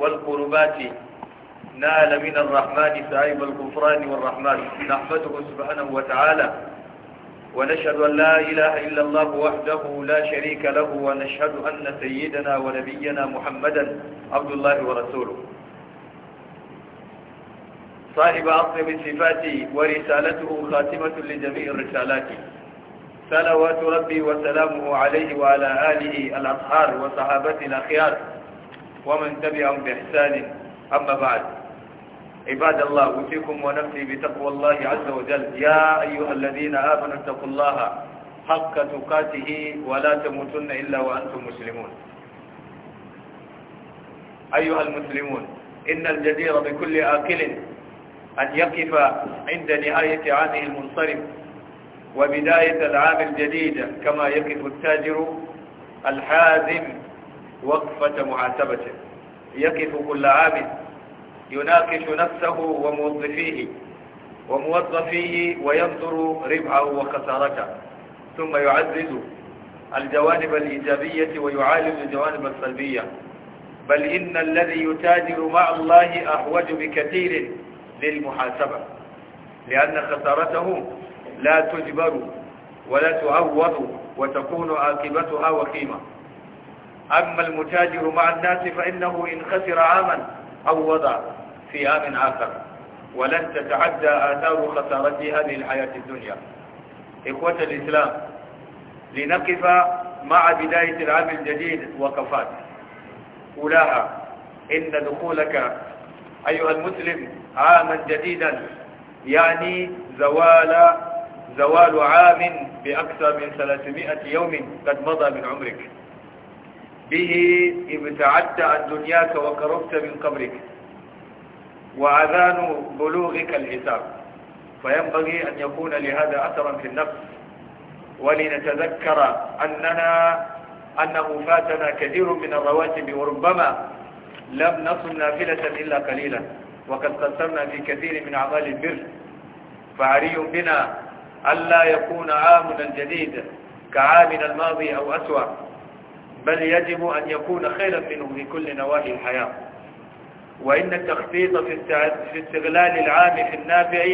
والقربات نال من الرحمن سعيب الغفران والرحمن نحمده سبحانه وتعالى ونشهد أن لا إله إلا الله وحده لا شريك له ونشهد أن سيدنا ونبينا محمدا عبد الله ورسوله صاحب من صفاته ورسالته خاتمة لجميع الرسالات صلوات ربي وسلامه عليه وعلى آله الأطهار وصحابته الأخيار ومن تبعهم بإحسان أما بعد عباد الله أوصيكم ونفسي بتقوى الله عز وجل يا أيها الذين آمنوا اتقوا الله حق تقاته ولا تموتن إلا وأنتم مسلمون أيها المسلمون إن الجدير بكل آكل أن يقف عند نهاية عامه المنصرف وبداية العام الجديد كما يقف التاجر الحازم وقفة محاسبة يقف كل عابد يناقش نفسه وموظفيه وموظفيه وينظر ربحه وخسارته ثم يعزز الجوانب الإيجابية ويعالج الجوانب السلبية بل إن الذي يتاجر مع الله أحوج بكثير للمحاسبة لأن خسارته لا تجبر ولا تعوض وتكون عاقبتها وخيمة أما المتاجر مع الناس فإنه إن خسر عاما أو وضع في عام آخر ولن تتعدى آثار خسارته هذه الحياة الدنيا إخوة الإسلام لنقف مع بداية العام الجديد وقفات أولاها إن دخولك أيها المسلم عاما جديدا يعني زوال زوال عام بأكثر من 300 يوم قد مضى من عمرك به ابتعدت عن دنياك وقربت من قبرك وأذان بلوغك الحساب فينبغي أن يكون لهذا أثرا في النفس ولنتذكر أننا أنه فاتنا كثير من الرواتب وربما لم نصل نافلة إلا قليلا وقد قصرنا في كثير من أعمال البر فعري بنا ألا يكون عامنا الجديد كعامنا الماضي أو أسوأ بل يجب أن يكون خيرا منه في كل نواحي الحياة وإن التخطيط في استغلال العام في النافع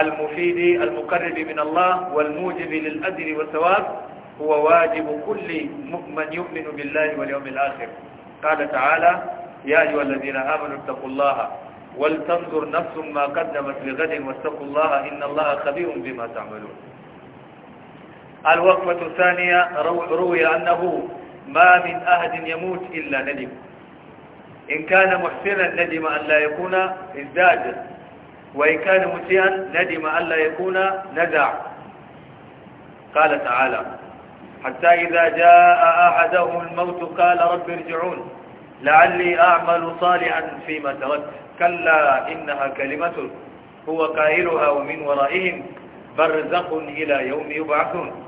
المفيد المقرب من الله والموجب للأجر والثواب هو واجب كل من يؤمن بالله واليوم الآخر قال تعالى يا أيها الذين آمنوا اتقوا الله ولتنظر نفس ما قدمت لغد واتقوا الله إن الله خبير بما تعملون الوقفة الثانية روي أنه ما من أحد يموت إلا ندم إن كان محسنا ندم أن لا يكون ازداد وإن كان مسيئا ندم أن لا يكون نزع قال تعالى حتى إذا جاء أحدهم الموت قال رب ارجعون لعلي أعمل صالحا فيما تركت كلا إنها كلمة هو قائلها ومن ورائهم برزق إلى يوم يبعثون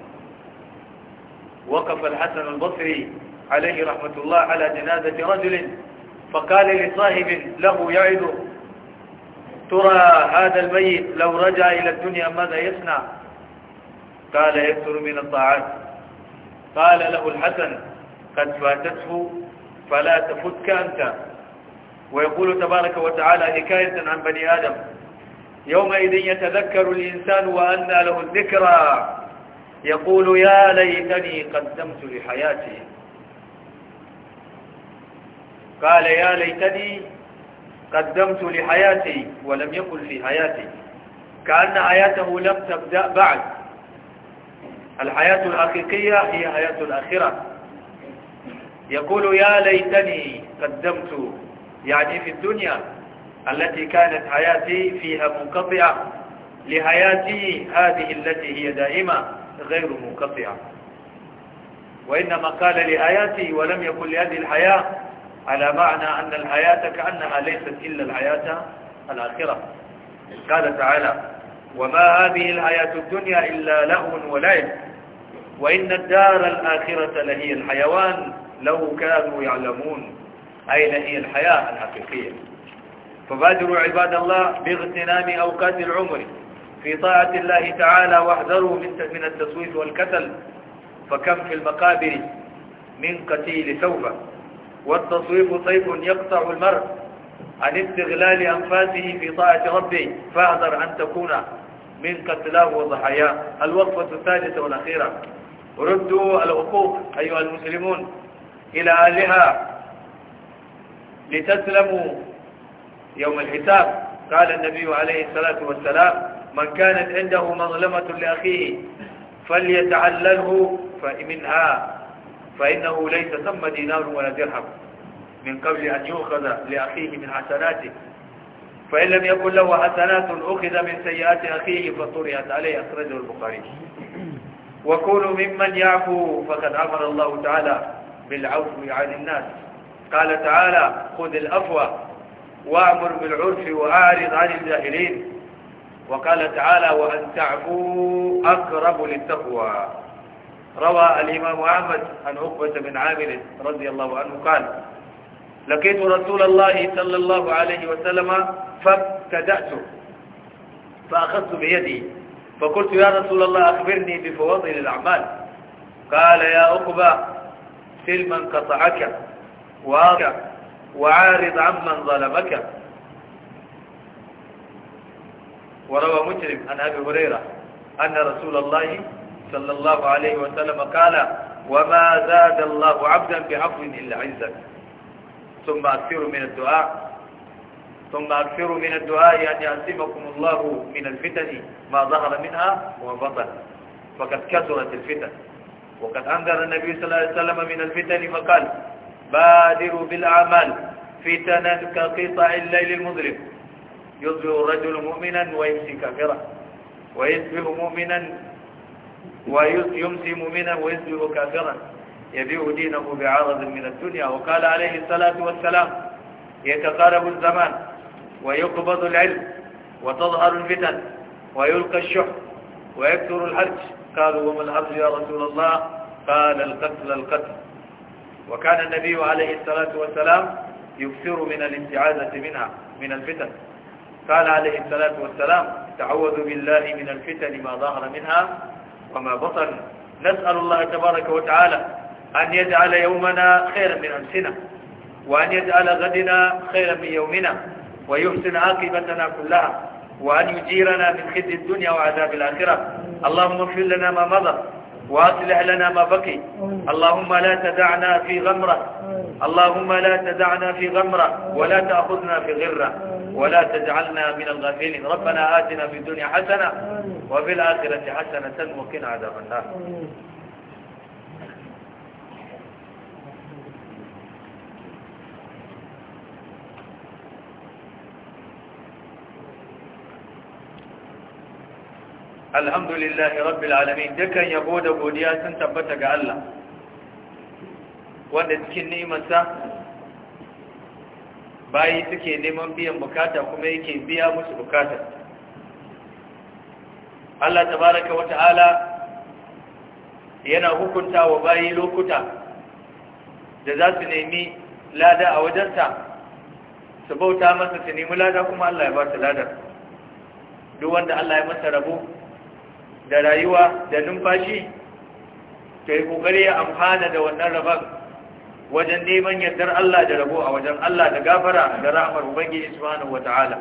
وقف الحسن البصري عليه رحمة الله على جنازة رجل فقال لصاحب له يعد ترى هذا الميت لو رجع إلى الدنيا ماذا يصنع قال يكثر من الطاعات قال له الحسن قد فاتته فلا تفتك أنت ويقول تبارك وتعالى حكاية عن بني آدم يومئذ يتذكر الإنسان وأنى له الذكرى يقول يا ليتني قدمت لحياتي قال يا ليتني قدمت لحياتي ولم يقل في حياتي كأن حياته لم تبدأ بعد الحياة الحقيقية هي حياة الآخرة يقول يا ليتني قدمت يعني في الدنيا التي كانت حياتي فيها منقطعة لحياتي هذه التي هي دائمة غير منقطعة وإنما قال لآياته ولم يكن لهذه الحياة على معنى أن الحياة كأنها ليست إلا الحياة الآخرة قال تعالى وما هذه الحياة الدنيا إلا لهو ولعب وإن الدار الآخرة لهي الحيوان لو كانوا يعلمون أي لهي الحياة الحقيقية فبادروا عباد الله باغتنام أوقات العمر في طاعة الله تعالى واحذروا من التسويف والكسل فكم في المقابر من قتيل سوف والتصويف سيف طيب يقطع المرء عن استغلال أنفاسه في طاعة ربه فاحذر أن تكون من قتلاه وضحاياه الوقفة الثالثة والأخيرة ردوا العقوق أيها المسلمون إلى أهلها لتسلموا يوم الحساب قال النبي عليه الصلاة والسلام من كانت عنده مظلمة لأخيه فليتعلله منها فإنه ليس ثم دينار ولا درهم من قبل أن يؤخذ لأخيه من حسناته فإن لم يكن له حسنات أخذ من سيئات أخيه فطرئت عليه أخرجه البخاري وكونوا ممن يعفو فقد أمر الله تعالى بالعفو عن الناس قال تعالى خذ الأفوى وأمر بالعرف وأعرض عن الجاهلين وقال تعالى وأن تعفوا أقرب للتقوى روى الإمام أحمد عن عقبة بن عامر رضي الله عنه قال لقيت رسول الله صلى الله عليه وسلم فابتدأت فأخذت بيدي فقلت يا رسول الله أخبرني بفواضل الأعمال قال يا عقبة سل من قطعك وارك وعارض عمن ظلمك وروى مسلم عن أبي هريرة أن رسول الله صلى الله عليه وسلم قال وما زاد الله عبدا بعفو إلا عزة ثم أكثروا من الدعاء ثم أكثروا من الدعاء أن يعزمكم الله من الفتن ما ظهر منها وبطن فقد كثرت الفتن وقد أنذر النبي صلى الله عليه وسلم من الفتن فقال بادروا بالأعمال فتنا كقطع الليل المظلم يصبح الرجل مؤمنا ويمسي كافرا ويصبح مؤمنا ويمسي مؤمنا ويصبح كافرا يبيع دينه بعرض من الدنيا وقال عليه الصلاة والسلام يتقارب الزمان ويقبض العلم وتظهر الفتن ويلقى الشح ويكثر الحرج قالوا وما الحرج يا رسول الله قال القتل القتل وكان النبي عليه الصلاة والسلام يكثر من الاستعاذة منها من الفتن قال عليه الصلاة والسلام تعوذ بالله من الفتن ما ظهر منها وما بطن نسأل الله تبارك وتعالى أن يجعل يومنا خيرا من أمسنا وأن يجعل غدنا خيرا من يومنا ويحسن عاقبتنا كلها وأن يجيرنا من خزي الدنيا وعذاب الآخرة اللهم اغفر لنا ما مضى وأصلح لنا ما بقي اللهم لا تدعنا في غمرة اللهم لا تدعنا في غمرة ولا تأخذنا في غرة ولا تجعلنا من الغافلين ربنا آتنا في الدنيا حسنة وفي الآخرة حسنة وقنا عذاب النار alhamdulillah rabbil alamin dukan yabo da godiya sun tabbata ga Allah wanda cikin ni'imarsa bayi suke neman biyan bukata kuma yake biya musu bukata Allah tabaraka wa ta'ala yana hukunta wa bayi lokuta da za su nemi lada a wajensa su bauta masa su nemi lada kuma Allah ya ba su lada duk wanda Allah ya masa rabo da rayuwa da numfashi kai yi kokari ya amfana da wannan rabar wajen neman yardar Allah da rabo a wajen Allah da gafara da rahmar ubangiji subhanahu ta'ala.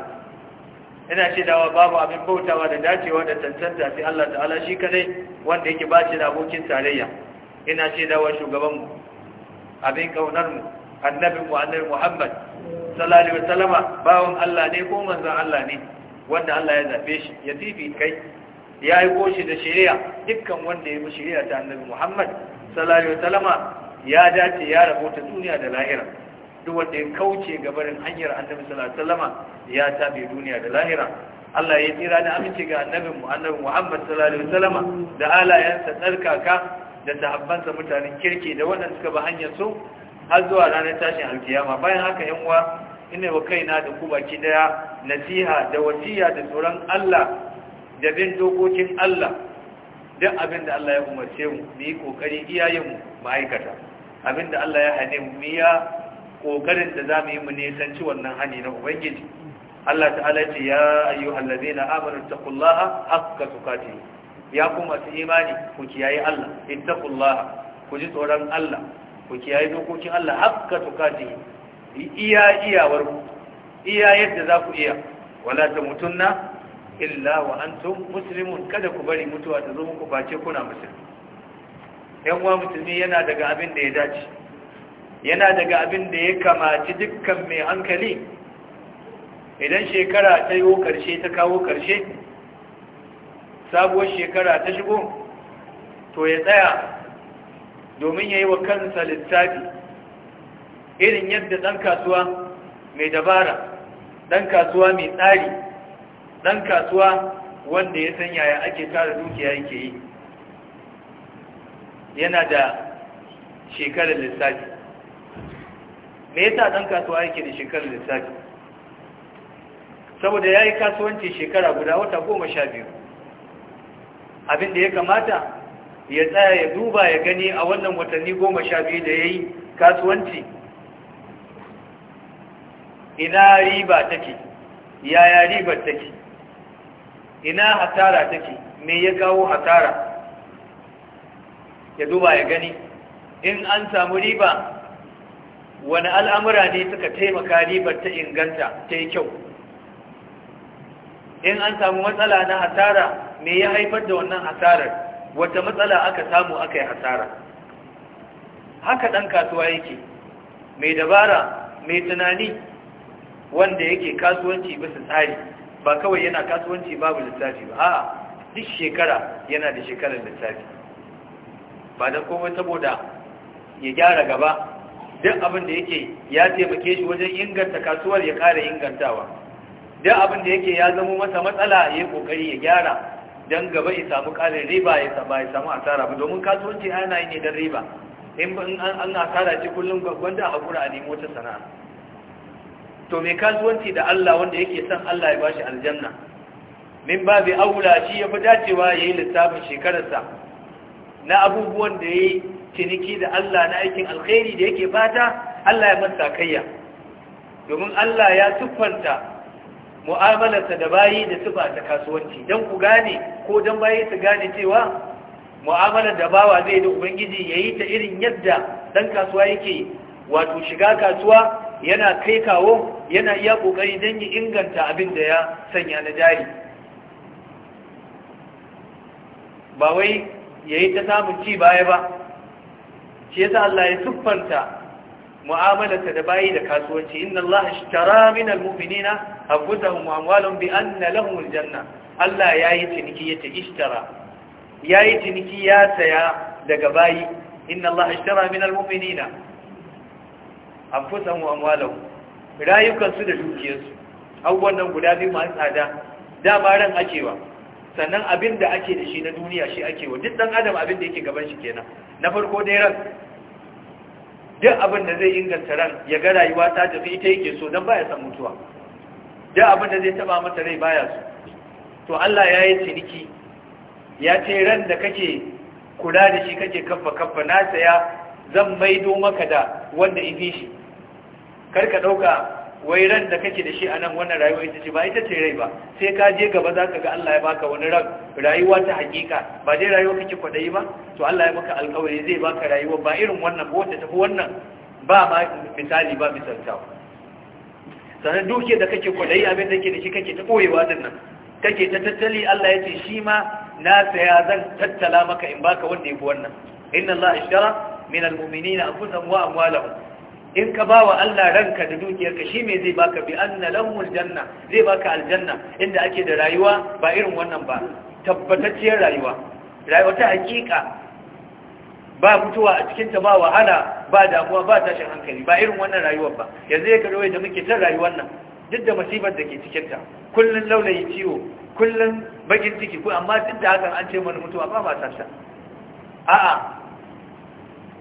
ina ce babu abin bautawa da dacewa da tantanta sai Allah ta'ala shi kadai wanda yake ba shi da abokin tarayya ina ce dawa shugabanmu abin kaunarmu annabinmu annabi Muhammad sallallahu alaihi wasallama bawon Allah ne ko manzon Allah ne wanda Allah ya zaɓe shi ya fifi kai ya yi shi da shari'a dukkan wanda ya yi shari'a ta annabi Muhammad sallallahu alaihi wasallam ya dace ya rabota duniya da lahira duk wanda ya kauce ga barin hanyar annabi sallallahu alaihi wasallam ya tabe duniya da lahira Allah ya tsira da aminci ga annabi mu annabi Muhammad sallallahu alaihi wasallam da alayansa tsarkaka da sahabbansa mutanen kirki da wanda suka bi hanyar su har zuwa ranar tashin alkiyama bayan haka yan uwa ina wa kaina da ku baki daya nasiha da wasiya da tsoron Allah da bin dokokin Allah duk abin da Allah ya umarce mu mu yi kokari iyayenmu ma'aikata, abin da Allah ya hane mu ya kokarin da za mu yi mu nisanci wannan hani na ubangiji Allah ta'ala ce ya ayyuhal ladina amanu taqullaha haqqa tuqatih ya kuma su imani ku kiyaye Allah ittaqullaha ku ji tsoron Allah ku kiyaye dokokin Allah haqqa tuqatih iya iyawar iya yadda za ku iya wala tamutunna illa wa antum muslimun kada ku bari mutuwa ta zo muku face kuna musulmi yan uwa musulmi yana daga abin da ya dace yana daga abin da ya kamaci dukkan mai hankali idan shekara ta yiwo karshe ta kawo karshe sabuwar shekara ta shigo to ya tsaya domin ya yi wa kansa littafi irin yadda ɗan kasuwa mai dabara ɗan kasuwa mai tsari dan kasuwa wanda ya san yaya ake tara dukiya yake yi yana da shekarar lissafi me yasa dan kasuwa yake da shekarar lissafi saboda yayi kasuwanci shekara guda wata goma sha biyu abin da ya kamata ya tsaya ya duba ya gani a wannan watanni goma sha biyu da ya yi kasuwanci ina riba take yaya ribar take ina hasara take me ya kawo hasara ya duba ya gani in an samu riba wani al'amura ne suka taimaka ribar ta inganta ta yi kyau in an samu matsala na hasara me ya haifar da wannan hasarar wata matsala aka samu aka yi hasara haka ɗan kasuwa yake mai dabara mai tunani wanda yake kasuwanci bisa tsari ba kawai yana kasuwanci babu lissafi ba a duk shekara yana da shekarar lissafi ba da komai saboda ya gyara gaba duk abin da yake ya taimake shi wajen inganta kasuwar ya ƙara ingantawa duk abin da yake ya zama masa matsala ya yi ƙoƙari ya gyara don gaba ya samu ƙarin riba ya samu asara ba domin kasuwanci ana yi ne don riba in an asara ce kullum gwanda a haƙura a nemo ta sana'a to mai kasuwanci da Allah wanda yake son Allah ya bashi aljanna min babu aula shi ya fi dacewa ya yi littafin shekararsa na abubuwan da ya yi ciniki da Allah na aikin alkhairi da yake fata Allah ya masa kayya domin Allah ya siffanta mu'amalarsa da bayi da siffa ta kasuwanci don ku gane ko don bayi su gane cewa mu'amalar da bawa zai da ubangiji ya yi ta irin yadda ɗan kasuwa yake wato shiga kasuwa yana kai kawo yana iya kokari don yi inganta abin da ya sanya na jari ba wai ya yi ta samun ci baya ba shi yasa Allah ya siffanta mu'amalarsa da bayi da kasuwanci inna Allah tara min almu'minina abuza mu amwalon bi na lahum janna. Allah yayi ciniki yace ishtara yayi ciniki ya saya daga bayi inna Allah tara min almu'minina anfusahum wa Rayukan rayukansu da dukiyarsu abubuwan nan guda biyu masu tsada dama ran ke wa sannan abin da ake da shi na duniya shi ake wa duk dan adam abin da yake gaban shi kenan na farko dai ran duk abin da zai inganta ran ya ga rayuwa ta tafi ita yake so dan baya san mutuwa duk abin da zai taba masa rai baya so to Allah ya yi ciniki ya ce ran da kake kula da shi kake kaffa kaffa na saya zan maido maka da wanda ifi shi kar ka ɗauka wai ran da kake da shi a nan wannan rayuwa ita ce ba ita ce rai ba sai ka je gaba za ka ga Allah ya baka wani ran rayuwa ta hakika ba dai rayuwa kake kwaɗayi ba to Allah ya maka alƙawari zai baka rayuwa ba irin wannan ba wata tafi wannan ba ma misali ba misaltawa sannan duke da kake kwaɗayi abin da kake da shi kake ta koyewa din nan kake ta tattali Allah ya ce shi ma na saya zan tattala maka in baka wanda ya fi wannan inna Allah ishtara min almu'minina anfusahum wa amwalahum in ka ba wa Allah ranka da dukiyarka shi me zai baka bi anna lahumul janna zai baka aljanna inda ake da rayuwa ba irin wannan ba tabbatacciyar rayuwa rayuwa ta hakika ba mutuwa a cikin ta ba wahala ba damuwa ba tashin hankali ba irin wannan rayuwar ba yanzu ya karo da muke tar rayuwar nan duk da masibar da ke cikin ta kullun laulayi ciwo kullun bakin ciki ko amma duk da hakan an ce mana mutuwa ba ba ta a'a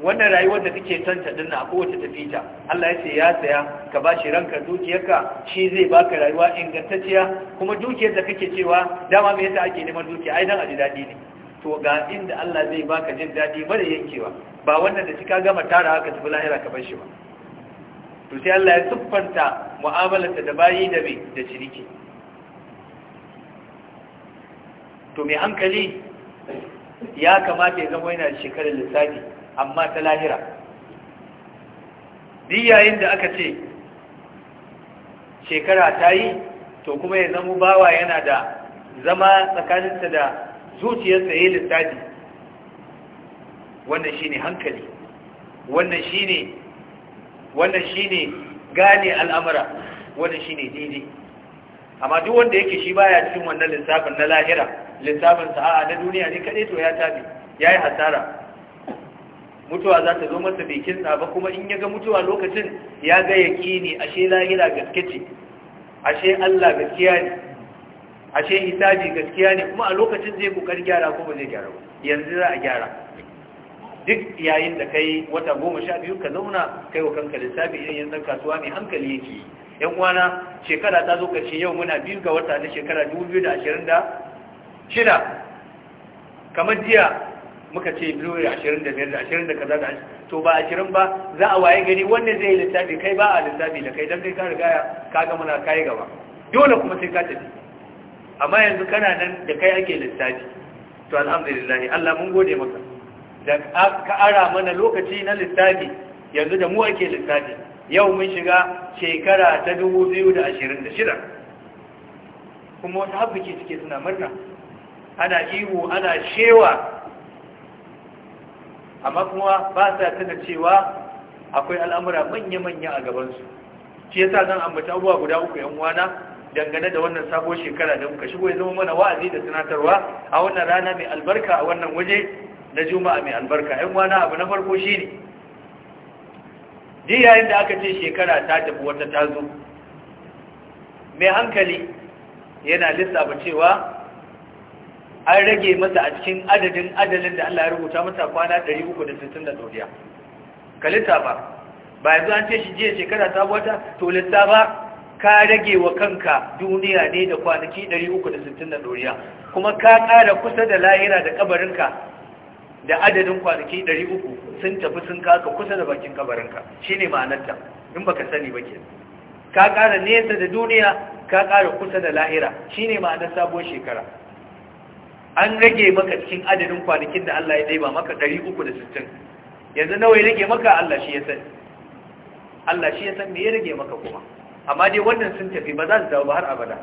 wannan rayuwar da kake son din na ko wacce ta Allah ya ce ya saya ka bashi ranka dukiyarka shi zai baka rayuwa ingantacciya kuma dukiyar da kake cewa dama me yasa ake neman dukiya ai dan a ji dadi ne to ga inda Allah zai baka jin dadi mara yankewa ba wannan da kika gama tara haka tafi lahira ka bar shi ba to sai Allah ya mu'amalar ta da bayi da bi da ciniki to mai hankali ya kamata ya zama yana shekarar lissafi amma ta lahira duk yayin da aka ce shekara ta yi to kuma ya zama bawa yana da zama tsakaninsa da zuciyarsa ya yi lissafi wannan shine hankali wannan shine wannan shine gane al'amura wannan shine dide. amma duk wanda yake shi baya cikin wannan lissafin na lahira lissafin sa'a na duniya ne kadai to ya tabi yi hasara mutuwa za ta zo masa bikin kinsa ba kuma in ya ga mutuwa lokacin ya ga ne. ashe lahira gaske ce ashe Allah gaskiya ne ashe hisabi gaskiya ne kuma a lokacin zai kokari gyara ko ba zai gyara ba yanzu za a gyara duk yayin da kai wata goma sha biyu ka zauna kai wa kanka lissafi idan yanzu kasuwa mai hankali yake yi yan uwana shekara ta zo karshe yau muna biyu ga wata na shekara dubu biyu da da shida kamar jiya muka ce miliyoyi ashirin da biyar da ashirin da kaza da to ba ashirin ba za a waye gani wanda zai yi lissafi kai ba a lissafi da kai don kai ka rigaya ka gama na kayi gaba dole kuma sai ka tafi amma yanzu kana nan da kai ake lissafi to alhamdulillah Allah mun gode maka da ka ara mana lokaci na lissafi yanzu da mu ake lissafi yau mun shiga shekara ta dubu biyu da ashirin da shida. kuma wata habbaki suke suna murna ana ihu ana shewa amma kuma ba sa tuna cewa akwai al'amura manya-manya a gabansu shi yasa zan ambata abuwa guda uku yan uwana dangane da wannan sabo shekara da muka shigo ya zama mana wa'azi da tunatarwa a wannan rana mai albarka a wannan waje na juma'a mai albarka yan uwana abu na farko shi di yayin da aka ce shekara ta tafi wata tazo. mai hankali yana lissafa cewa an rage masa a cikin adadin adalin da Allah ya rubuta masa kwana 360 da doriya ka ba ba yanzu an ce shi jiya shekara ta to lissafa ka rage wa kanka duniya ne da kwanaki 360 da doriya kuma ka ƙara kusa da lahira da kabarinka da adadin kwanaki 300 sun tafi sun kaka kusa da bakin kabarinka ne ma'anarta in baka sani ba ke ka ƙara nesa da duniya ka ƙara kusa da lahira Shi ne ma'anar sabuwar shekara an rage maka cikin adadin kwanakin da Allah ya ba maka 360 yanzu nawa ya rage maka Allah shi ya sani Allah shi ya san me ya rage maka kuma amma dai wannan sun tafi ba za su dawo ba har abada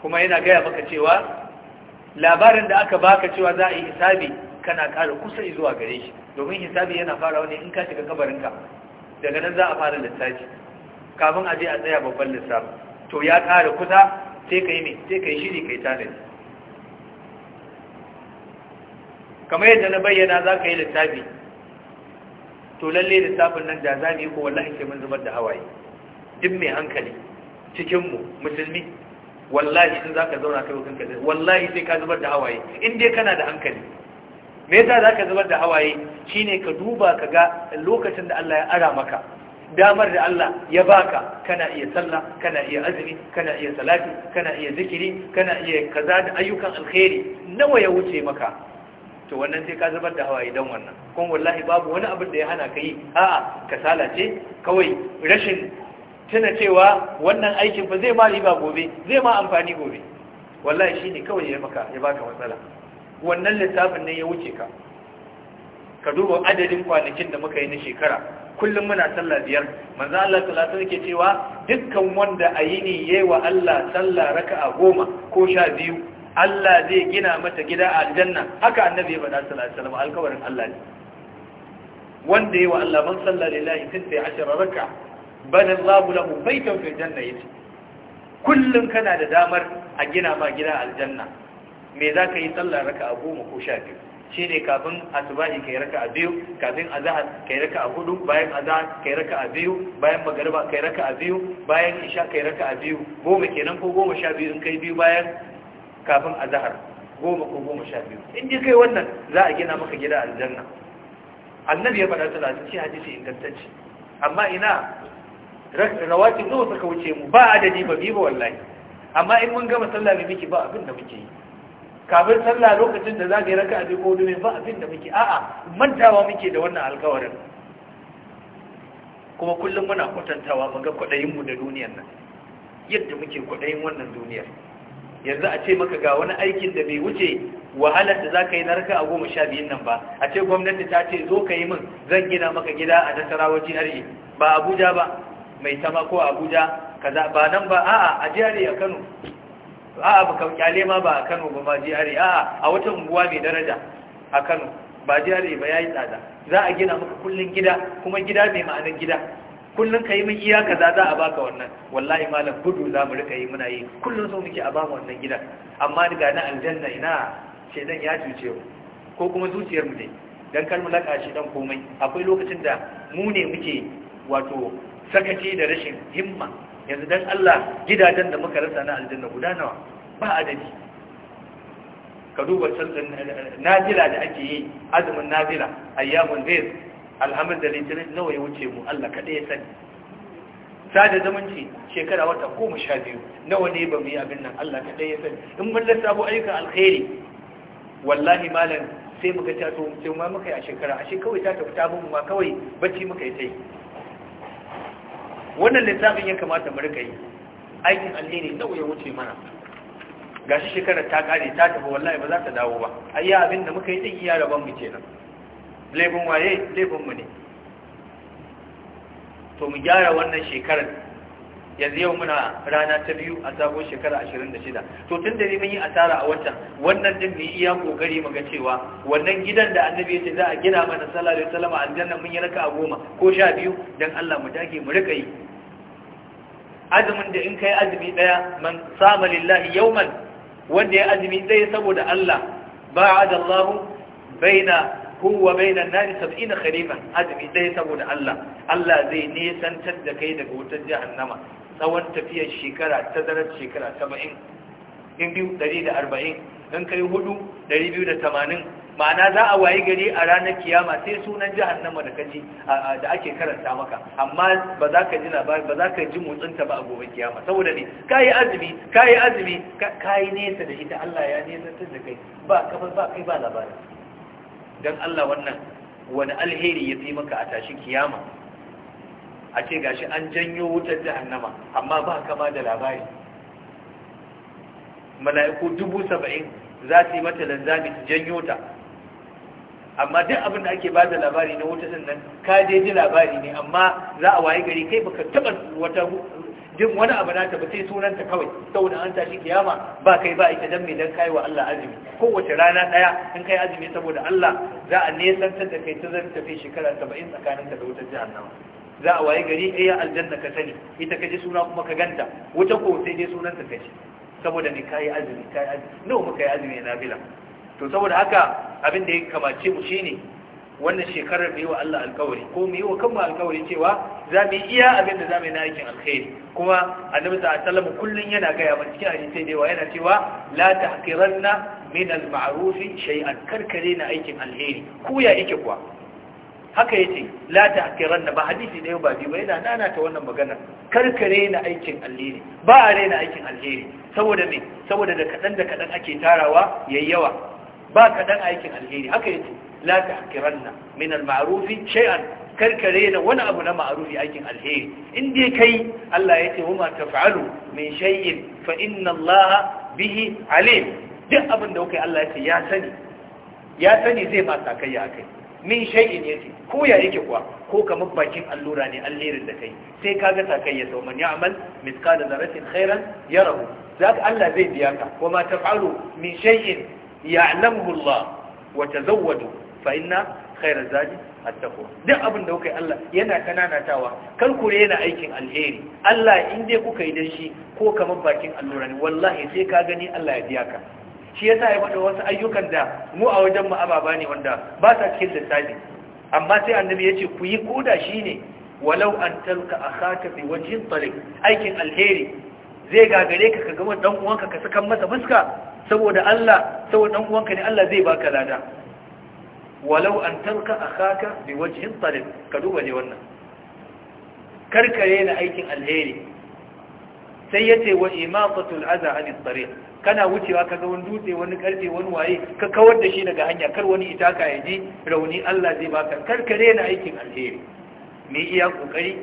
kuma yana gaya maka cewa labarin da aka baka cewa za a yi hisabi kana ƙara kusa zuwa gare shi domin hisabi yana farawa ne in ka shiga kabarinka daga nan za a fara lissafi kafin a je a tsaya babban lissafi to ya ƙara kusa sai ka yi ne sai ka yi shiri ka yi tanadi kamar yadda na bayyana za ka yi littafi to lalle littafin nan da za mu yi ko wallahi ke mun zubar da hawaye duk mai hankali cikinmu musulmi wallahi in za ka zauna kai wakan kaza wallahi sai ka zubar da hawaye in dai kana da hankali me yasa za ka zubar da hawaye shine ka duba ka ga lokacin da Allah ya ara maka damar da Allah ya baka kana iya sallah kana iya azumi kana iya salati kana iya zikiri kana iya kaza da ayyukan alkhairi nawa ya wuce maka to wannan sai ka zubar da hawaye dan wannan kuma wallahi babu wani abin da ya hana ka yi a'a kasala ce kawai rashin tana cewa wannan aikin fa zai ma riba gobe zai ma amfani gobe wallahi shine kawai ya maka ya baka matsala wannan littafin ne ya wuce ka ka duba adadin kwanakin da muka yi na shekara kullum muna sallah biyar manzo Allah sallallahu yake cewa dukkan wanda ayini yayi wa Allah sallah raka'a goma ko sha biyu Allah zai gina mata gida a aljanna haka annabi ya faɗa sallallahu alaihi wasallam alƙawarin Allah ne wanda yayi wa Allah man salla lillahi 12 raka'a bana Allah lahu baitan fil janna yace kullum kana da damar a gina ma gida aljanna me zaka yi sallah raka'a goma ko sha biyu shi ne kafin asubahi kai raka a biyu kafin azahar kai raka a hudu bayan azahar kai raka a biyu bayan magariba kai raka a biyu bayan isha kai raka a biyu goma kenan ko goma sha biyu in kai biyu bayan kafin azahar goma ko goma sha biyu in ji kai wannan za a gina maka gida aljanna annabi ya faɗa talatin shi hadisi ingantacce amma ina rawatin nawa suka wuce mu ba adadi ba biyu ba wallahi amma in mun gama sallah ne miki ba abin da muke yi kafin sallah lokacin da za ka yi raka a ko wani ba abin da muke a'a mantawa muke da wannan alkawarin kuma kullum muna kwatantawa ga kwaɗayinmu da duniyar nan yadda muke kwaɗayin wannan duniyar yanzu a ce maka ga wani aikin da bai wuce wahalar da za ka yi na raka a goma sha biyun nan ba a ce gwamnati ta ce zo ka yi min zan gina maka gida a nasarawa jihar ba abuja ba mai tama ko abuja kaza ba nan ba a'a a jihar a kano a'a ba kyale ma ba a Kano ba ma jihari a'a a wata unguwa mai daraja a Kano ba jihari ba ya yi tsada za a gina maka kullun gida kuma gida mai ma'anar gida kullun yi mun iya kaza za a baka wannan wallahi malam gudu za mu rika yi muna yi kullun so muke a ba mu wannan gida amma daga na aljanna ina ce dan ya cuce ko kuma zuciyar mu dai dan kalmu laka shi dan komai akwai lokacin da mu ne muke wato sakaci da rashin himma yanzu don Allah gidajen da muka rasa na aljanna guda nawa ba adadi ka duba eh, eh, nazila da ake yi azumin nazila ayyamun zai alhamdu da litinin nawa ya wuce mu Allah kaɗai ya sani sada zamanci shekara wata goma sha biyu nawa ne ba mu yi abin nan Allah kaɗai ya sani in mun lissafo ayyukan alkhairi wallahi malam sai muka ta to sai ma muka yi a shekara ashe kawai ta tafi ta mu ma kawai bacci muka yi ta yi wannan littafin ya kamata mu rika yi aikin alheri da ya wuce mana gashi shekarar ta kare ta tafi wallahi ba za ta dawo ba ya abin da muka yi din iya rabon mu kenan laifin waye laifin mu ne to mu gyara wannan shekarar yanzu yau muna rana ta biyu a sabon shekara ashirin da shida to tun da mun yi asara a watan wannan din mu iya kokari mu ga cewa wannan gidan da annabi ya ce za a gina mana sallallahu alaihi aljanna mun yi raka a goma ko sha biyu dan Allah mu dage mu rika yi azumin da in kai azumi daya man sama lillahi yawman wanda ya azumi daya saboda Allah ba'ada Allah baina huwa Baina, nari 70 Khalifa, azumi daya saboda Allah Allah zai nisantar da kai daga wutar jahannama tsawon tafiyar shekara ta zarar shekara 70 in biyu 140 kai hudu 280 ma'ana za a wayi gari a ranar kiyama sai sunan jahannama da kaji da ake karanta maka amma ba za ka ji labari ba motsinta ba a gobe kiyama saboda ne kayi azumi kayi azumi kayi nesa da ita Allah ya nesantar da kai ba kafa ba kai ba labarin don Allah wannan wani alheri ya fi maka a tashi kiyama a ce gashi an janyo wutar jahannama amma ba kama da labari mala'iku dubu saba'in za su yi mata lanzami su janyo ta amma duk abin da ake ba da labari na wuta sannan ka je ji labari ne amma za a waye gari kai baka taba wata Din wani abu na ba sai sunanta kawai saboda an tashi kiyama ba kai ba ita dan me dan kai wa Allah azumi kowace rana daya in kai azumi saboda Allah za a nesantar da kai ta zan tafi shekara 70 tsakaninta da wutar jahannama za a waye gari ɗaya eh, aljanna ka sani ita ka ji suna kuma ka ganta wuta ko sai dai sunan ta kace saboda ne kai azumi kai azumi nawa muka yi azumi na bila to saboda haka abin da ya kamace mu shine wannan shekarar mu wa Allah alkawari ko mu yi wa kanmu alkawari cewa za mu yi iya abin da za mu yi na aikin alkhairi kuma annabi sallallahu alaihi wasallam kullun yana gaya mana cikin hadisi da yawa yana cewa la tahqiranna min al-ma'ruf shay'an karkare na aikin alheri ku ya yake kuwa haka yace la ta'kiranna ba hadisi ne ba bi ba yana nana ta wannan magana karkare na aikin alheri ba a rena aikin alheri saboda me saboda da kadan da kadan ake tarawa yayi yawa ba kadan aikin alheri haka ce la ta'kiranna min al-ma'ruf shay'an karkare na wani abu na ma'rufi aikin alheri in dai kai Allah yace huma taf'alu min shay'in fa inna Allah bihi alim duk abin da kai Allah yace ya sani ya sani zai ba sakayya akai min shay'in yake, ko ya yake kuwa ko kamar bakin allura ne alherin da kai sai kaga sakayya sau man ya'mal mithqala dharratin khairan yarahu zaka Allah zai biya ka wa ma taf'alu min shay'in ya'lamuhu Allah wa tazawwadu fa inna khairaz zadi at-taqwa duk abin da kuka Allah yana kananatawa kar ku yana aikin alheri Allah in dai kuka yi dashi, ko kamar bakin allura ne wallahi sai ka gani Allah ya biya ka shi yasa ya faɗa wasu ayyukan da mu a wajen mu ababa ne wanda ba sa cikin lissafi amma sai annabi ya ce ku yi koda shi ne walau an talka haka bi wajen tsarin aikin alheri zai gagare ka ka gama ɗan uwanka ka saka masa fuska saboda Allah saboda ɗan uwanka ne Allah zai baka lada walau an talka haka bi wajen tsarin ka duba ne wannan karkare na aikin alheri sai ya ce wa imaqatul adha anil tariq kana wucewa ka ga wani dutse wani karfe wani waye ka kawar da shi daga hanya kar wani itaka ya ji rauni Allah zai baka kar ka rena aikin alheri me iya kokari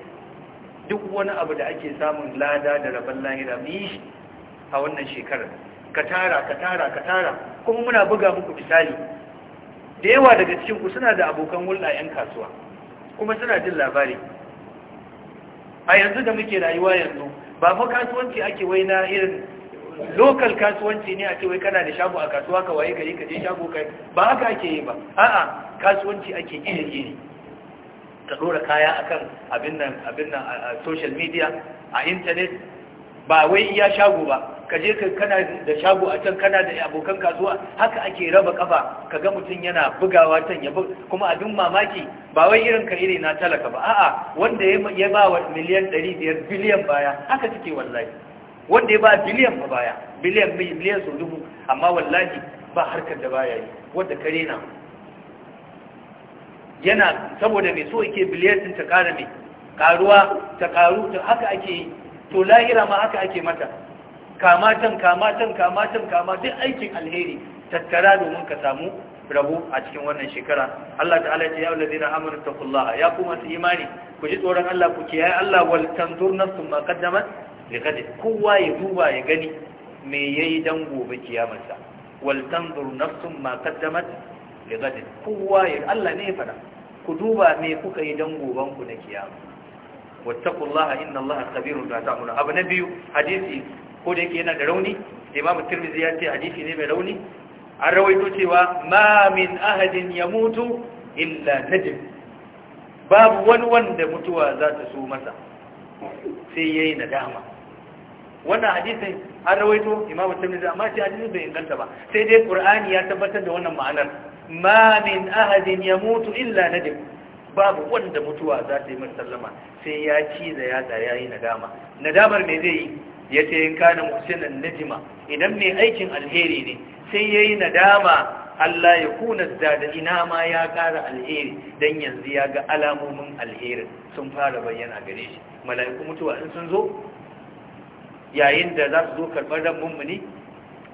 duk wani abu da ake samun lada da rabban lahira mi yi shi a wannan shekarar ka tara ka tara ka tara kuma muna buga muku misali da yawa daga cikin ku suna da abokan hulɗa 'yan kasuwa kuma suna jin labari a yanzu da muke rayuwa yanzu ba fa kasuwanci ake wai na irin lokal kasuwanci ne ake wai kana da shago a kasuwa ka waye kai ka je shago kai ba haka ake yi ba a'a kasuwanci ake iri iri ka dora kaya akan abin nan abin nan a social media a internet ba wai iya shago ba ka je kana da shago a can kana da abokan kasuwa haka ake raba kafa kaga mutum yana bugawa can ya kuma abin mamaki ba wai irin ka iri na talaka ba a'a wanda ya ba wa miliyan 500 biliyan baya haka take wallahi wanda ya ba biliyan ba baya biliyan biliyan su dubu amma wallahi ba harkar da baya yi wanda kare na yana saboda mai so yake biliyan ta kara mai karuwa ta karu ta haka ake yi to lahira ma haka ake mata kama can kama can kama can kama duk aikin alheri tattara domin ka samu rabu a cikin wannan shekara Allah ta'ala ya ce ya ulazina amanu taqullaha ya kuma su imani ku ji tsoron Allah ku kiyaye Allah wal tanzur nafsun ma qaddamat liqad kowa ya duba ya gani me yayi dan gobe kiyamarsa wal tanzur nafsun ma qaddamat liqad kowa ya Allah ne ya fada ku duba me kuka yi dan goban ku na kiyama واتقوا الله إن الله خبير بما تعملون أبو نبي Hadisi, ko da yake yana da rauni imam tirmidhi ya ce hadisi ne mai rauni an rawaito cewa ma min ahadin yamutu illa najm babu wani wanda mutuwa za ta so masa sai yayi nadama wannan hadisin an rawaito imamu tirmidhi amma shi hadisi bai inganta ba sai dai qur'ani ya tabbatar da wannan ma'anar ma min ahadin yamutu illa najm babu wanda mutuwa za ta yi min sallama sai ya ci da yatsa ya yi nadama nadamar me zai yi ya ce yin kana na najima idan mai aikin alheri ne sai ya yi nadama Allah ya kuna da ina ma ya kara alheri don yanzu ya ga alamomin alherin sun fara bayyana gare shi mala'iku mutuwa in sun zo yayin da za su zo karɓar ran mummuni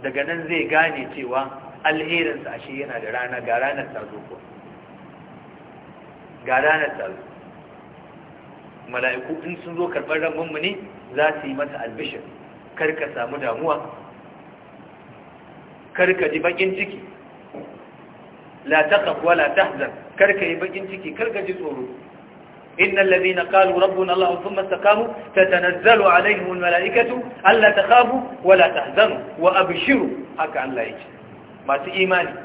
daga nan zai gane cewa alherinsa ashe yana da rana ga ranar ta kuwa ga ranar taro mala'iku in sun zo karɓar rabonmu ne za su yi masa albishir kar ka samu damuwa kar ka ji bakin ciki la taqaf wa la tahzan kar ka yi bakin ciki kar ka ji tsoro إن الذين قالوا ربنا الله ثم استقاموا تتنزل عليهم الملائكة ألا تخافوا ولا تحزنوا وأبشروا هكا الله يجي Masu إيماني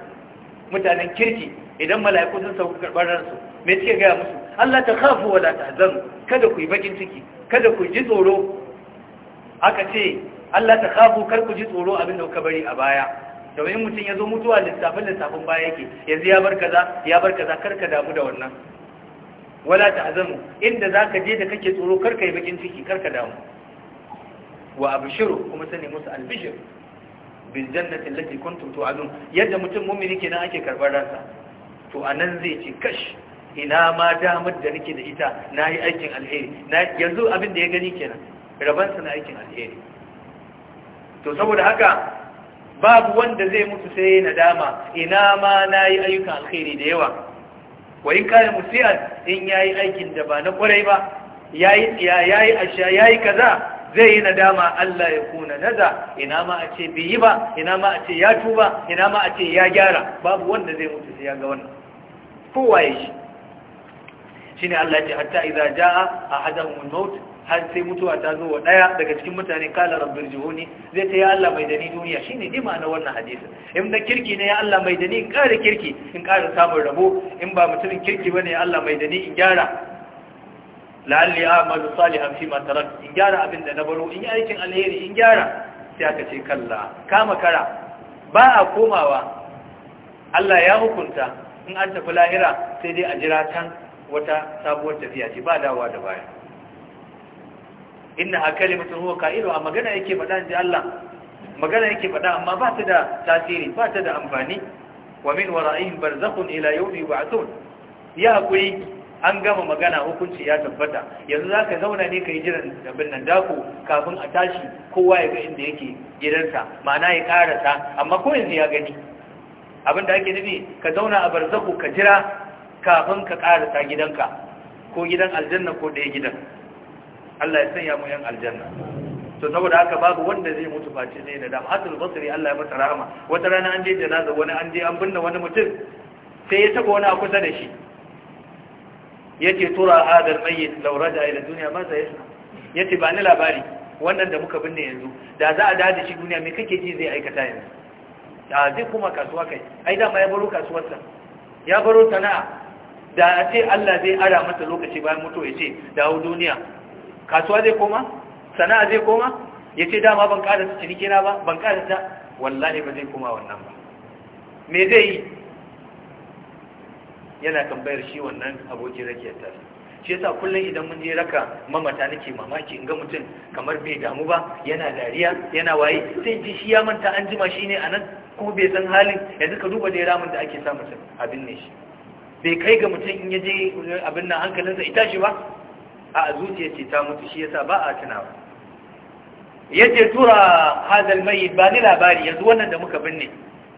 mutanen kirki, idan mala'iku sun سوف karɓar ransu. Mai cike gaya musu Allah ta kafu wa da tahzanu kada ku yi bakin ciki kada ku ji tsoro aka ce Allah ta kafu kar ku ji tsoro abin da kuka bari a baya domin mutum ya zo mutuwa lissafin lissafin baya yake yanzu ya bar kaza ya bar kaza kar ka damu da wannan wala tahzanu inda zaka je da kake tsoro kar ka yi bakin ciki kar ka damu wa abshiru kuma sani musu albishir bil jannati allati kuntum tu'adun yadda mutum mu'mini kenan ake karbar ransa to anan zai ce kash ina ma damar da nake da ita na yi aikin alheri yanzu abin da ya gani kenan rabansa na aikin alheri to saboda haka babu wanda zai mutu sai na dama ina ma na yi ayyukan alheri da yawa wa in kayan musiyar in ya yi aikin da ba na kwarai ba ya yi tsiya ya asha ya yi kaza zai yi na dama Allah ya kuna naza ina ma a ce yi ba ina ma a ce ya tuba ina ma a ce ya gyara babu wanda zai mutu sai ya ga wannan kowa ya shi shine Allah ce hatta idza jaa ahaduhum al-maut har sai mutuwa ta zo wa daya daga cikin mutane kala rabbir juhuni zai ta ya Allah mai dani duniya shine dima na wannan hadisi in da kirki ne ya Allah mai dani in ƙara kirki in ƙara samun rabo in ba mutumin kirki bane ya Allah mai dani in gyara la'alli a'malu salihan fi ma tarak in gyara abin da na baro in yi aikin alheri in gyara sai aka ce kalla kama kara ba a komawa Allah ya hukunta in an tafi lahira sai dai a jira can wata sabuwar tafiya ce ba dawa da baya inna a huwa qa'ilu a magana yake faɗa inji Allah magana yake faɗa amma ba ta da tasiri ba ta da amfani wa min wara'ihim barzakhun ila yawmi yub'athun ya hakuri an gama magana hukunci ya tabbata yanzu zaka zauna ne kai jiran da nan dako kafin a tashi kowa ya ga inda yake gidansa ma'ana ya karasa amma ko yanzu ya gani abin da ake nufi ka zauna a barzaku ka jira kafin ka ta gidanka ko gidan aljanna ko ɗaya gidan Allah ya sanya mu yan aljanna to saboda haka babu wanda zai mutu face zai da dama hasul basri Allah ya masa rahama wata rana an je janaza wani an je an binne wani mutum sai ya taba wani a kusa da shi yace tura hadal mayyit law raja ila dunya ma za yasna yace ba ni labari wannan da muka binne yanzu da za a dade shi duniya me kake ji zai aikata yanzu da zai kuma kasuwa kai ai dama ma ya baro kasuwarsa ya baro sana'a da a ce Allah zai ara masa lokaci bayan mutuwa ya ce dawo duniya kasuwa zai koma sana'a zai koma ya ce dama ban ƙara ta cinikina ba ban ƙara ta wallahi ba zai koma wannan ba me zai yi yana tambayar shi wannan abokin rakiyar ta shi yasa kullum idan mun je raka mamata nake mamaki in ga mutum kamar bai damu ba yana dariya yana waye sai ji shi ya manta an jima shi ne a ko bai san halin yanzu ka duba da ramin da ake sa mutum abin ne shi bai kai ga mutum in yaje abin nan hankalinsa ita shi ba a zuciya ce ta mutu shi yasa ba a tuna ba yace tura hadal mai ba ni labari yanzu wannan da muka binne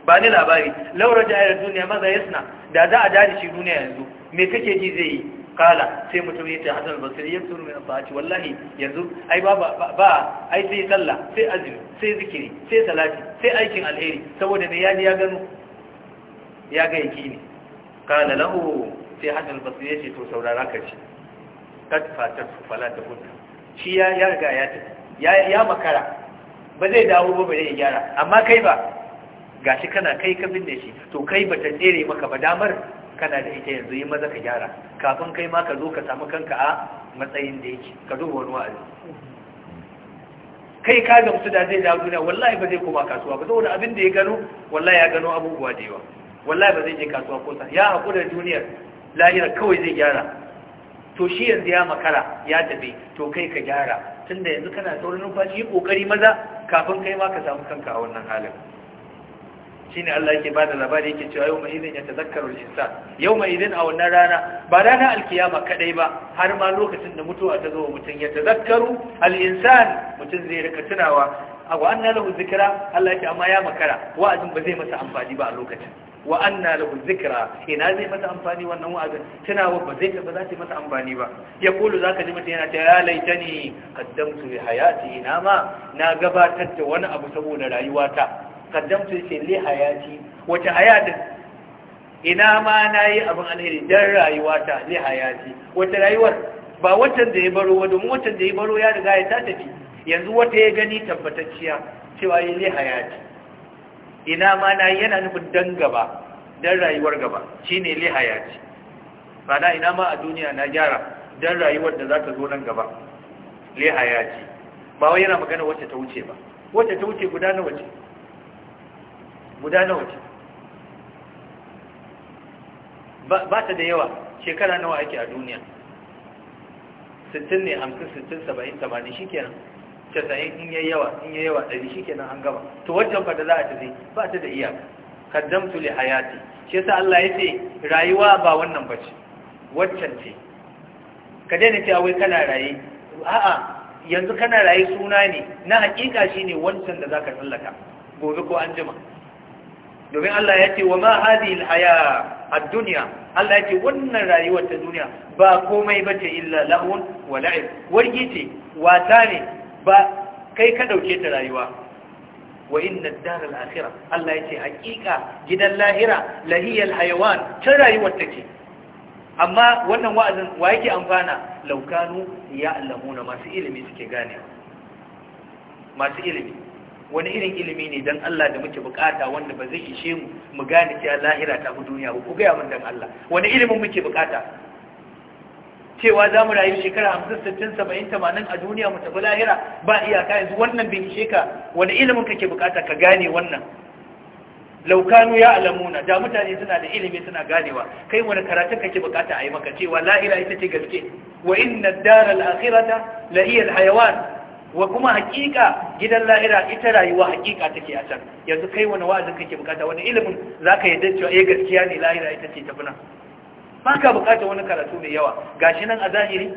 ba ni labari laura da ayar duniya maza yasna da za a dadi shi duniya yanzu me kake ji zai yi kala sai mutum yace hasan basri ya tsuru min fa'ati wallahi yanzu ai ba ba ai sai sallah sai azumi sai zikiri sai salati sai aikin alheri saboda me yaji ya gano ya ga yake ne kala lahu sai hajjal basu ya ce to saurara ka ce kad fatar fala ta hudu shi ya yarga riga ya ta ya makara ba zai dawo ba bare ya gyara amma kai ba ga shi kana kai ka binne shi to kai ba ta tsere maka ba damar kana da ita yanzu yi maza ka gyara kafin kai ma ka zo ka samu kanka a matsayin da yake ka duba wani wa'azi kai ka gamsu da zai dawo duniya wallahi ba zai koma kasuwa ba saboda abin da ya gano wallahi ya gano abubuwa da yawa wallahi ba zai je kasuwa ko sa ya hakura duniyar lahira kawai zai gyara to shi yanzu ya makara ya tafi to kai ka gyara tunda yanzu kana saurin numfashi yi kokari maza kafin kai ma ka samu kanka a wannan halin shine Allah yake bada labari yake cewa yau mai idan ya tazakkaru al yau mai idan a wannan rana ba rana alkiyama kaɗai ba har ma lokacin da mutuwa ta zo mutum ya tazakkaru al-insan mutum zai rika tunawa a wa lahu Allah yake amma ya makara wa'azin ba zai masa amfani ba a lokacin wa anna lahu dhikra ina zai mata amfani wannan wa'azin tunawa ba zai ba za ta mata amfani ba ya kulu zaka ji mata yana ta ya laitani qaddamtu li hayati ina ma na gabatar da wani abu saboda rayuwata qaddamtu li hayati wata hayatin ina ma nayi abin alheri dan rayuwata li hayati wata rayuwar ba watan da ya baro ba domin watan da ya baro ya riga ya ta tafi yanzu wata ya gani tabbatacciya cewa li hayati ina ma na yana nufin dan gaba dan rayuwar gaba shine li ce bana ina ma a duniya na gyara dan rayuwar da za ta zo nan gaba li ce. ba wai yana magana wacce ta wuce ba wacce ta wuce guda na wace. guda na ce ba ta da yawa shekara nawa ake a duniya 60 ne 50 60 70 80 kenan. casa'in in yi yawa in yi yawa ɗari shi kenan an gama to wancan fa za a tafi ba ta da iyaka kaddamtu li hayati shi yasa Allah ya ce rayuwa ba wannan bace waccan ce ka daina cewa wai kana raye a'a yanzu kana raye suna ne na hakika shine wancan da zaka tsallaka gobe ko anjima. jima domin Allah ya ce wa ma hadhihi alhaya ad-dunya Allah ya ce wannan rayuwar ta duniya ba komai bace illa lahun wa la'ib wargi ce wata ne ba kai ka dauke ta rayuwa wa inna ad-dar al-akhirah Allah yace hakika gidan lahira lahiyal hayawan ta rayuwar take amma wannan wa'azin wa yake amfana laukanu alamuna masu ilimi suke gane masu ilimi wani irin ilimi ne dan Allah da muke bukata wanda ba zai ishe mu mu gane cewa lahira ta fi duniya ba ku ga mun dan Allah wani ilimin muke bukata cewa za mu rayu shekara hamsin sittin saba'in tamanin a duniya mu tafi lahira ba iyaka yanzu wannan bai ka wani ilimin kake bukata ka gane wannan laukanu ya alamuna da mutane suna da ilimi suna ganewa kai wani karatun kake bukata a yi maka cewa lahira ita ce gaske wa inna daral akhirata la hiya alhayawan wa kuma hakika gidan lahira ita rayuwa hakika take a can yanzu kai wani wa'azin kake bukata wani ilimin zaka yadda cewa eh gaskiya ne lahira ita ce tafi nan ba ka bukatar wani karatu mai yawa gashi nan a zahiri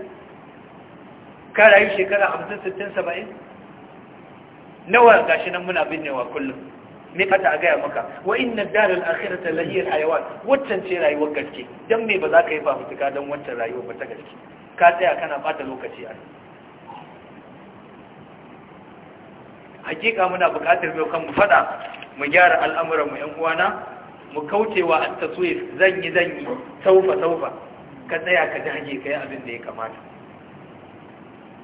ka rayu shekara hamsin sittin 70 nawa gashi nan muna binnewa kullum me fata a gaya maka wa inna daral akhirata la hiya alhayawan waccan ce rayuwar gaske dan me ba za ka yi fafutuka dan waccan rayuwar ba ta gaske ka tsaya kana bata lokaci a hakika muna buƙatar mu kan mu fada mu gyara al'amuran mu yan uwana mu kaucewa an taswif zanyi zanyi taufa taufa ka tsaya ka dage ka yi abin da ya kamata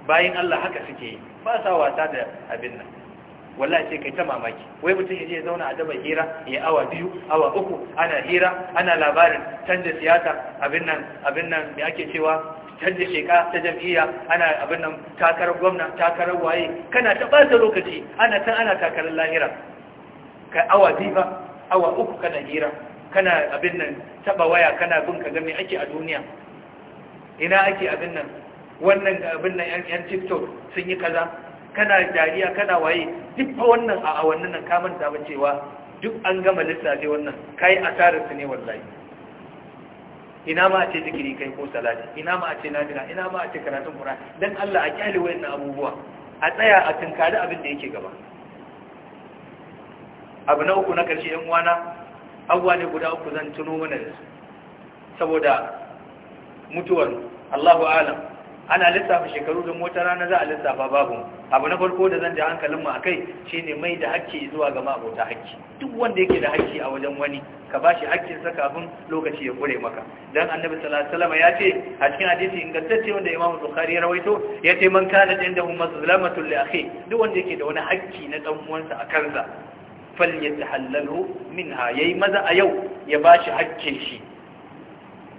bayan Allah haka suke yi ba sa wasa da abin nan walla ce kai ta mamaki wai mutum ya je ya zauna a daba hira ya awa biyu awa uku ana hira ana labarin canza siyasa abin nan abin nan me ake cewa canza sheka ta jam'iyya ana abin nan takarar gwamna takarar waye kana ta ɓata lokaci ana can ana takarar lahira ka awa biyu ba awa uku kana hira kana abin nan taba waya kana bin ka ga me ake a duniya ina ake abin nan wannan abin nan yan tiktok sun yi kaza kana dariya kana waye duk fa wannan a awannin nan ka manta ba cewa duk an gama lissafi wannan kai asarar su ne wallahi ina ma a ce zikiri kai ko salati ina ma a ce nafila ina ma a ce karatun qur'ani dan Allah a kyale wayannan abubuwa a tsaya a tunkari abin da yake gaba abu na uku na ƙarshe yan wana abuwa ne guda uku zan tuno mana da su saboda mutuwar Allahu alam ana lissafa shekaru don wata rana za a lissafa babu abu na farko da zan da hankalinmu a kai shi ne mai da hakki zuwa ga ma'abota hakki duk wanda yake da hakki a wajen wani ka ba shi saka kafin lokaci ya kure maka dan annabi sallallahu alaihi wasallam ya ce a cikin hadisi ingantacce wanda imamu bukhari ya rawaito ya ce man kana ummatu mazlamatun li akhi duk wanda yake da wani hakki na dan uwansa a kansa falyatahallalu minha yayi maza a yau ya ba shi haƙƙin shi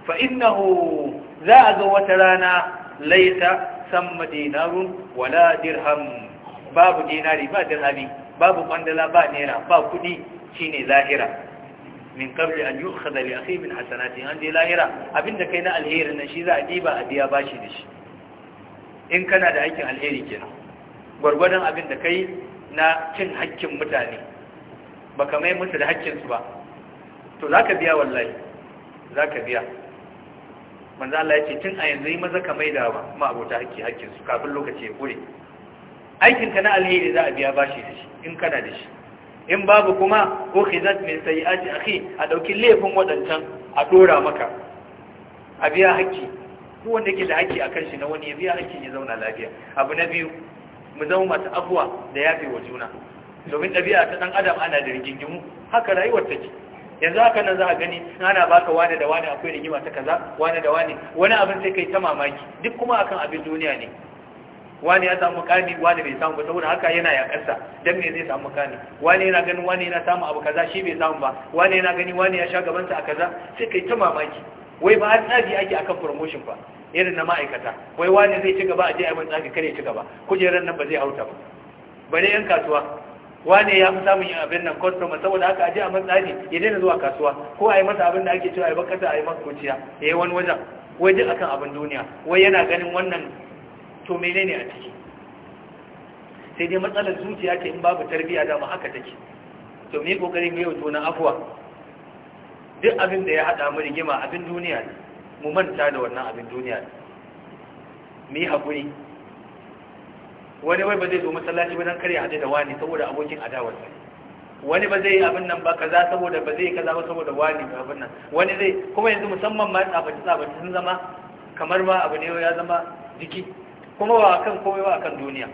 fa innahu za a ga wata rana laita samma dinarun wala dirham babu dinari ba dirhami babu ƙwandala, ba nera, ba kudi ne zahira min qabli an yu'khadha a akhi min hasanati an dai lahira abinda kai na alheri nan shi za a diba a biya bashi da shi in kana da aikin alheri kenan gwargwadon abinda kai na cin haƙƙin mutane ka mai musu da haƙƙinsu ba to za ka biya wallahi za ka biya manzo Allah ya ce tun a yanzu yi maza ka mai da ma abota haƙƙi haƙƙinsu kafin lokaci ya ƙure. aikinka na alheri za a biya bashi da shi in kana da shi in babu kuma ukhizat mai sayi aji a a ɗauki laifin waɗancan a ɗora maka a biya haƙƙi ko wanda ke da haƙƙi kan shi na wani ya biya haƙƙin ya zauna lafiya abu na biyu mu zama masu afuwa da yafe wa juna domin ɗabi'a ta ɗan adam ana da rigingimu haka rayuwar take yanzu haka nan za a gani ana baka wani da wani akwai rigima ta kaza wani da wani wani abin sai kai ta mamaki duk kuma akan abin duniya ne wani ya samu kani wani bai samu ba saboda haka yana yakarsa dan me zai samu kani wani yana ganin wani yana samu abu kaza shi bai samu ba wani yana gani wani ya sha gaban sa a kaza sai kai ta mamaki wai ba har tsafi ake akan promotion ba irin na ma'aikata wai wani zai ci gaba a je a yi tsafi kare ci gaba kujerar nan ba zai hauta ba bare yan kasuwa wane ya fi samun yin abin nan kwastoma saboda haka aje a matsani ya daina zuwa kasuwa ko a yi masa abin da ake cewa ya bakata a yi masa kuciya ya yi wani wajen wajen akan abin duniya wai yana ganin wannan to menene a ciki sai dai matsalar zuciya ce in babu tarbiyya ma haka take to me kokarin mai mu yau tona afuwa duk abin da ya hada mu rigima abin duniya mu manta da wannan abin duniya mu yi haƙuri wani wai ba zai zo masallaci ba dan kare hade da wani saboda abokin adawar sa wani ba zai abin nan ba kaza saboda ba zai kaza ba saboda wani ba abin nan wani zai kuma yanzu musamman ma tsabaci tsabaci sun zama kamar ma abu ne ya zama jiki kuma ba akan komai ba akan duniya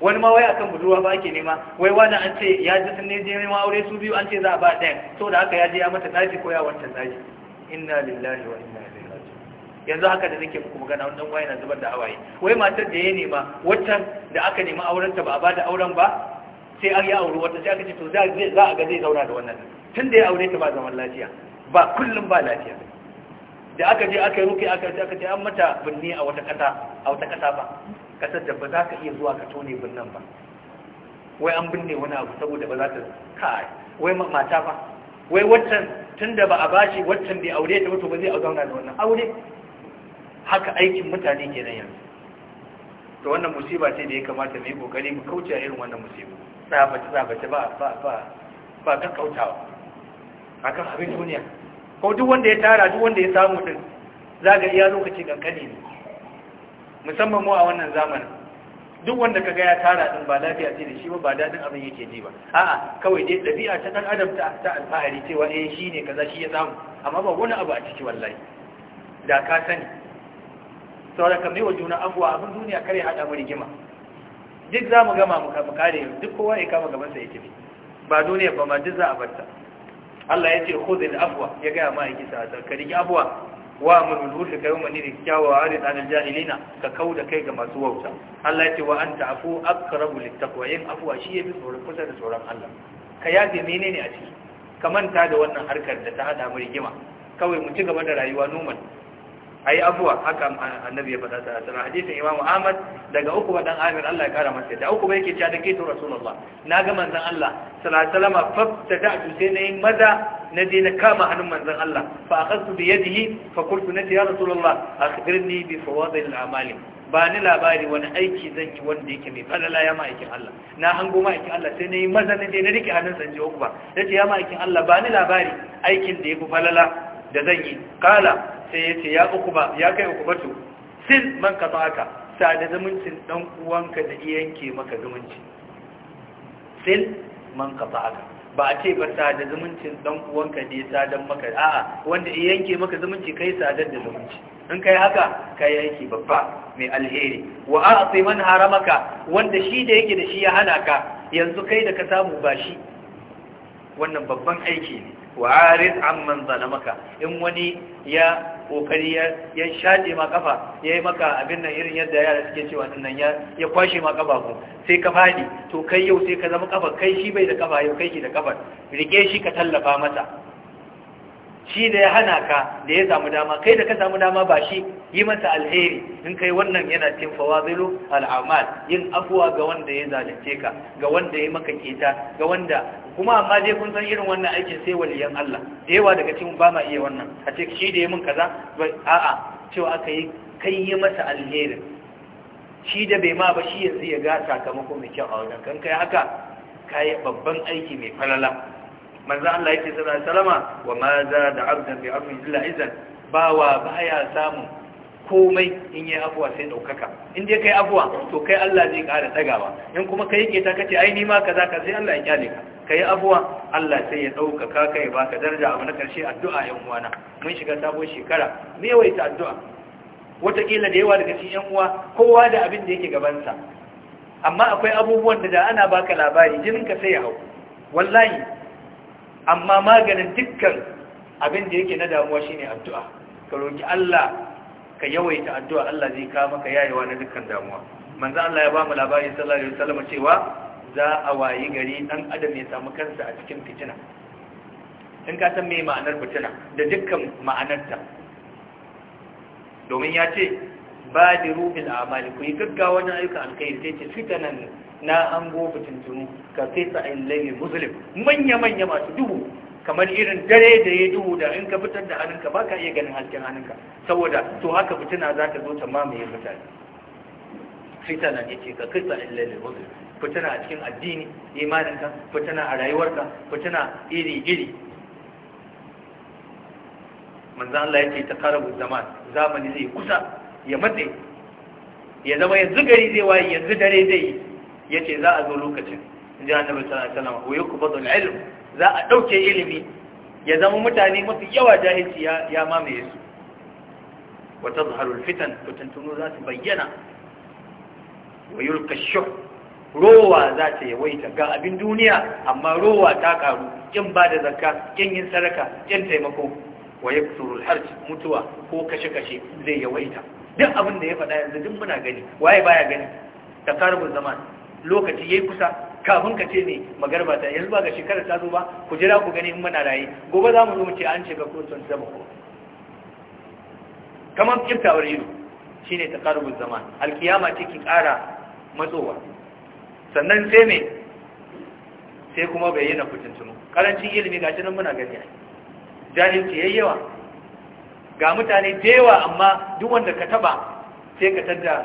wani ma wai akan budurwa ba ake nema wai wani an ce ya ji sun ne je nema aure su biyu an ce za a ba ɗayan saboda haka ya je ya mata tsaji ko ya wancan tsaji inna lillahi wa inna yanzu haka da nake muku magana wannan waye na zubar da hawaye wai matar da ya nema waccan da aka nema auren ta ba a bada auren ba sai an yi aure wata sai aka ce to za a ga zai zauna da wannan tun da ya aure ta ba zaman lafiya ba kullum ba lafiya da aka je aka yi ruki aka ce aka ce an mata binne a wata kasa a wata kasa ba kasar da ba za ka iya zuwa ka tone binnan ba wai an binne wani abu saboda ba za ta kai wai mata ba wai waccan tunda ba a bashi waccan bai aure ta mutu ba zai zauna da wannan aure haka aikin mutane ke nan yanzu to wannan musiba ce da ya kamata mu yi kokari mu kauce a irin wannan musiba tsabace tsabace ba ba ba ba ga kautawa akan abin duniya ko duk wanda ya tara duk wanda ya samu din zaga iya lokaci kankani ne musamman mu a wannan zamanin duk wanda kaga ya tara din ba lafiya ce da shi ba ba dadin abin yake ji ba a'a kawai dai dabi'a ta dan adam ta ta alfahari cewa eh shine kaza shi ya samu amma ba wani abu a ciki wallahi da ka sani saboda kamar wa juna abuwa abin duniya kare hada mu rigima duk za mu gama mu kare duk kowa ya kama gabansa ya tafi ba duniya ba ma duk za a barta Allah ya ce khudhil afwa ya ga ma yake sa ta kari afwa wa amrul kai umani da kyawawa arin alal jahilina ka kauda kai ga masu wauta Allah ya ce wa anta afu aqrabu littaqwa yin afwa shi yafi tsoron kusa da tsoron Allah ka mene menene a ciki ka manta da wannan harkar da ta hada mu rigima kawai mu ci gaba da rayuwa normal ayi abuwa haka annabi ya faɗa ta sanar hadisin imamu ahmad daga uku ba dan amir Allah ya kara masa da uku ba yake cewa da ke to rasulullah na ga manzan Allah sallallahu alaihi wasallam da ta sai yi maza na je na kama hannun manzon Allah fa akhadtu bi yadihi fa na qultu nati ya rasulullah akhbirni bi fawadil amalin. ba ni labari wani aiki zan yi wanda yake mai falala ya ma'aikin Allah na hango ma'aikin Allah sai na yi maza na je na rike hannun sanje uku ba ya ce ya ma'aikin Allah ba ni labari aikin da ya fi falala da zan yi kala sai ya ce ya ba ya kai ukubatu sil man ka aka sada zumuncin dan uwanka da iyanke maka zumunci sil man ka aka ba a ce ba sada zumuncin dan uwanka da ya sadan maka a'a wanda iyanke maka zumunci kai sadar da zumunci in kai haka kai yake babba mai alheri wa a'ti man haramaka wanda shi da yake da shi ya hana ka yanzu kai da ka samu ba shi wannan babban aiki ne wa arid amman zalamaka in wani ya kokari ya shaɗe ma kafa ya yi maka abin nan irin yadda yara suke cewa nan ya kwashe ma kafa ku sai ka fadi to kai yau sai ka zama kafa kai shi bai da kafa yau kai shi da kafa rike shi ka tallafa masa shi da ya hana ka da ya samu dama kai da ka samu dama ba shi yi mata alheri in kai wannan yana cin fawazilu al'amal yin afuwa ga wanda ya zalunce ka ga wanda ya maka keta ga wanda kuma amma dai kun san irin wannan aikin sai waliyan Allah da yawa daga cikin ba ma iya wannan a ce shi da ya mun kaza a'a cewa aka yi kai yi masa alheri shi da bai ma ba shi yanzu ya ga sakamako mai kyau a wajen kan kai haka kai babban aiki mai falala manzo Allah yake sallallahu alaihi wasallama wa ma za da abdan bi amri illa izan bawa baya samu komai in yi afuwa sai daukaka in dai kai afuwa to kai Allah zai kara dagawa in kuma kai yake ta kace ai ni ma kaza ka sai Allah ya kyale ka kai afuwa Allah sai ya daukaka kai baka daraja abu na karshe addu'a yan uwana mun shiga sabon shekara me ta addu'a wataƙila da yawa daga cikin yan uwa kowa da abin da yake gabansa amma akwai abubuwan da da ana baka labari jininka sai ya hau wallahi amma maganin dukkan abin da yake na damuwa shine addu'a ka roki Allah ka yawaita addu'a Allah zai kawo maka yayewa na dukkan damuwa manzo Allah ya ba mu labari sallallahu alaihi wasallam cewa za a wayi gari ɗan adam ya samu kansa a cikin fitina in ka san me ma'anar fitina da dukkan ma'anarta domin ya ce Ba badiru bil amali ku yi gaggawa na ayyukan alkhairi sai ce fitanan na an go fitintunu ka sai sa in lai muslim manya manya masu duhu kamar irin dare da ya duhu da in ka fitar da hannunka ba ka iya ganin hasken hannunka saboda to haka fitina za ta zo ta mamaye mutane fitanan ya ce ka kai sa in lai muslim fitina a cikin addini imaninka fitina a rayuwarka fitina iri iri manzan Allah ya ce ta karabu zaman zamani zai kusa ya matse ya zama yanzu gari zai waye yanzu dare zai yi ya ce za a zo lokacin in ji annabi sallallahu alaihi wasallam wa yuqbadu ilm za a dauke ilimi ya zama mutane mafi yawa jahilci ya ya mamaye su wa tadhharu al-fitan fitantunu za su bayyana wa yulqa ash-shuh rowa za ta yawaita ga abin duniya amma rowa ta karu kin ba da zakka kin yin sadaka kin taimako wa yaksuru al-harj mutuwa ko kashe-kashe zai yawaita duk abin da ya faɗa yanzu duk muna gani waye baya gani ta karibin zaman lokaci yayi kusa kafin ka ce ne magarba ta yanzu ba ga shekarar ta zo ba ku jira ku gani in muna raye gobe za mu zo mu ce an shiga kotun zama ko kamar kiftawar ido shine taqarrubuz zaman alkiyama ce ki ƙara matsowa sannan sai me sai kuma bayyana fitintunu karancin ilimi shi nan muna gani jahilci yayyawa yawa ga mutane da yawa amma duk wanda ka taba sai ka tadda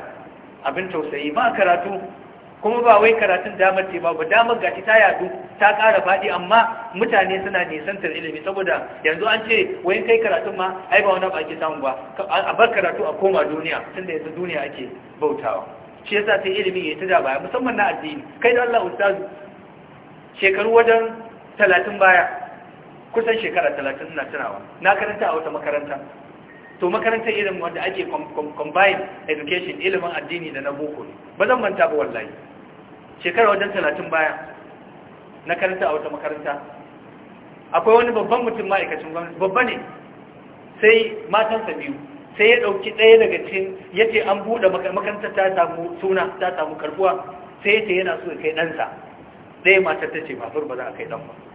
abin tausayi ba karatu kuma ba wai karatun damar ce ba Ba damar gaci ta yadu ta ƙara faɗi amma mutane suna nisantar ilimi saboda yanzu an ce wayan kai karatun ma ai ba wani ake samu ba a bar karatu a koma duniya tunda yanzu duniya ake bautawa shi yasa sai ilimi ya tada baya musamman na addini kai da Allah ustaz shekaru wajen talatin baya kusan shekara talatin na tunawa na karanta a wata makaranta to makarantar irin wanda ake combine education ilimin addini da na boko ne ba zan manta ba wallahi shekara wajen talatin baya na karanta a wata makaranta akwai wani babban mutum ma'aikacin gwamnati babba ne sai matansa biyu sai ya ɗauki ɗaya daga cikin ya ce an buɗe makarantar ta samu suna ta samu karbuwa sai ya ce yana so ya kai ɗansa ɗaya matar ta ce ba ba za a kai ɗan ba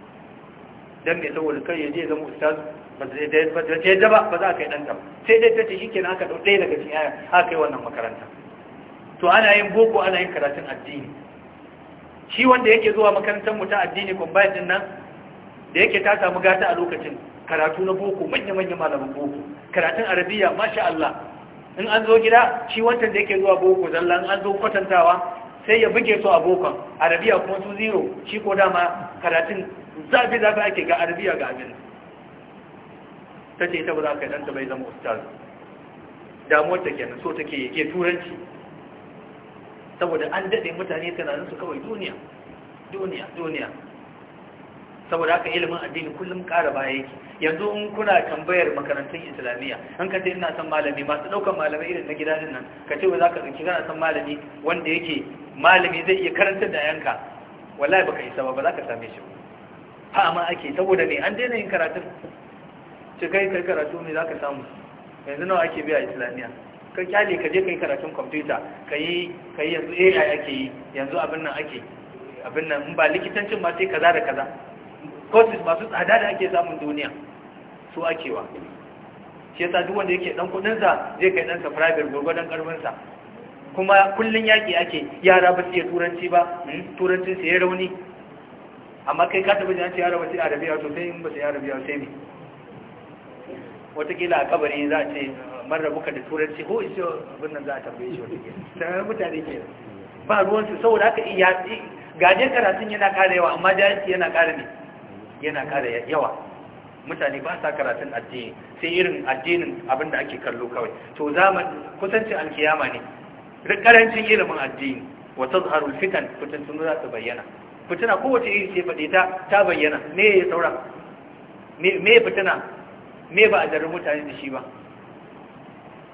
dan mai saboda kai ya je zama ustaz ba zai da ba zai yadda ba ba za ka yi ɗanta ba sai dai tace shi kenan aka ɗauɗe daga cikin yaya aka yi wannan makaranta to ana yin boko ana yin karatun addini shi wanda yake zuwa makarantar mu ta addini combine din nan da yake ta samu gata a lokacin karatu na boko manya-manya malaman boko karatun arabiya masha Allah in an zo gida shi wancan da yake zuwa boko zallan an zo kwatantawa sai ya buge su a bokon arabiya kuma su zero shi ko dama karatun zafi zafi ake ga arabiya ga abin ta ce ta ba za ka ɗanta bai zama ustaz damuwar ta kenan so take ke turanci saboda an daɗe mutane su kawai duniya duniya duniya saboda haka ilimin addini kullum ƙara baya yake yanzu in kuna tambayar makarantun islamiyya an ka ce ina san malami masu ɗaukar malamai irin na gidajen nan ka ce za ka ɗauki kana san malami wanda yake malami zai iya karantar da yanka wallahi baka isa ba ba za ka same shi ba fama ake saboda ne an daina yin karatu. ce kai kai karatu ne za ka samu yanzu nawa ake biya islamiya ka kyale ka je kai karatun kwamfuta ka yi yanzu ai ake yi yanzu abin nan ake abin nan in ba likitancin ba sai kaza da kaza courses masu tsada da ake samun duniya su akewa shi yasa duk wanda yake dan kudin sa zai kai dan sa private gurgurdan karbin sa kuma kullun yaki ake yara ba su iya turanci ba hmm? turancin su ya rauni amma kai ka taɓa jan ce yara ba sai arabiya to sai in ba sai arabiya sai ne watakila a kabari za a ce marar buka da turanci ko isi abin nan za a tambaye shi watakila sai mutane ke ba ruwansu saboda haka iya gaje karatun yana ƙara yawa amma jahilci yana ƙara ne yana ƙara yawa mutane ba sa karatun addini sai irin addinin abin da ake kallo kawai to zaman kusancin alkiyama ne karancin ilimin addini wa zaharul fitan fitan sun za su bayyana fitina kowace iri ce faɗe ta ta bayyana me ya saura me fitina me ba a zarar mutane da shi ba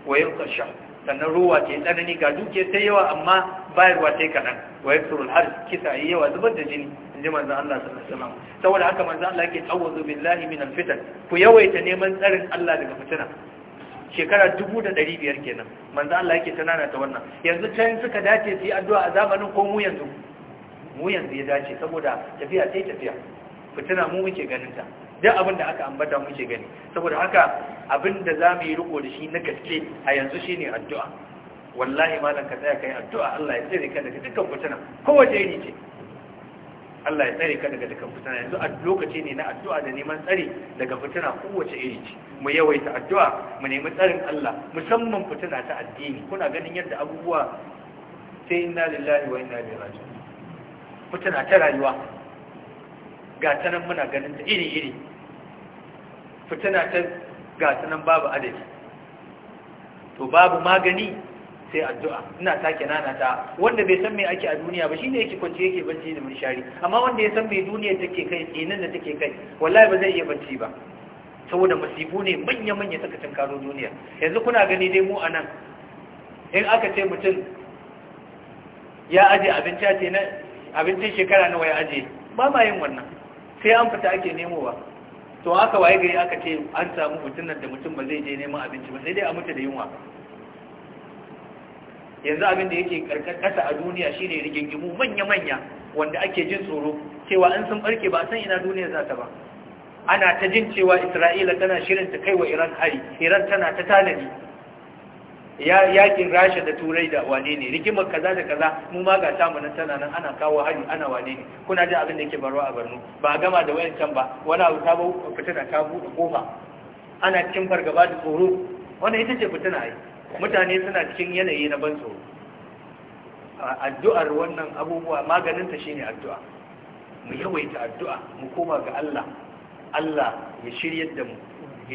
wayan kasha sannan ruwa ce tsanani ga duke ta yawa amma bayarwa sai kaɗan wayan surul har kisa yi yawa zubar da jini in ji manzan Allah sallallahu alaihi wasallam saboda haka manzan Allah yake tawazu billahi min alfitan ku yawaita neman tsarin Allah daga fitina shekara dubu da ɗari biyar kenan manzan Allah yake tanana ta wannan yanzu can suka dace su yi addu'a a zamanin komu yanzu mu yanzu ya dace saboda tafiya sai tafiya fitina mu muke ganin ta duk abin da aka ambata muke gani saboda haka abin da za mu yi riko da shi na gaske a yanzu shine addu'a wallahi malam ka tsaya kai addu'a Allah ya tsare ka daga dukkan fitina kowace iri ce Allah ya tsare ka daga dukkan fitina yanzu a lokaci ne na addu'a da neman tsari daga fitina kowace iri ce mu yawaita addu'a mu nemi tsarin Allah musamman fitina ta addini kuna ganin yadda abubuwa sai inna lillahi wa inna ilaihi raji'un mutuna ta rayuwa ga ta nan muna ganin ta iri-iri fitina ta ga ta nan babu adadi to babu magani sai addu'a ina take nana ta wanda bai san me ake a duniya ba shine yake kwance yake bacci da munshari amma wanda ya san me duniya take kai tsinin da take kai wallahi ba zai iya bacci ba saboda masifu ne manya-manya suka tunkaro duniya yanzu kuna gani dai mu a nan in aka ce mutum ya aje abinci a ce abincin shekara nawa ya aje ba ma yin wannan sai an fita ake nemowa to aka waye gari aka ce an samu mutum da mutum ba zai je neman abinci ba sai dai a mutu da yunwa yanzu abin da yake karkasa a duniya shine rigingimu manya-manya wanda ake jin tsoro cewa an sun barke ba san ina duniya za ta ba ana ta jin cewa isra'ila tana shirin ta kai wa iran hari iran tana ta tanadi yakin rasha da turai da wane ne rigimar kaza da kaza mu ma ga samu nan tana nan ana kawo hari ana wane ne kuna jin abin da yake barwa a barno? ba gama da wayan can ba wani abu ta fitina ta buɗe koma. ana cin fargaba da tsoro wanda ita ce fitina ai mutane suna cikin yanayi na ban tsoro addu'ar wannan abubuwa maganin ta shine addu'a mu yawaita addu'a mu koma ga Allah Allah ya shiryar da mu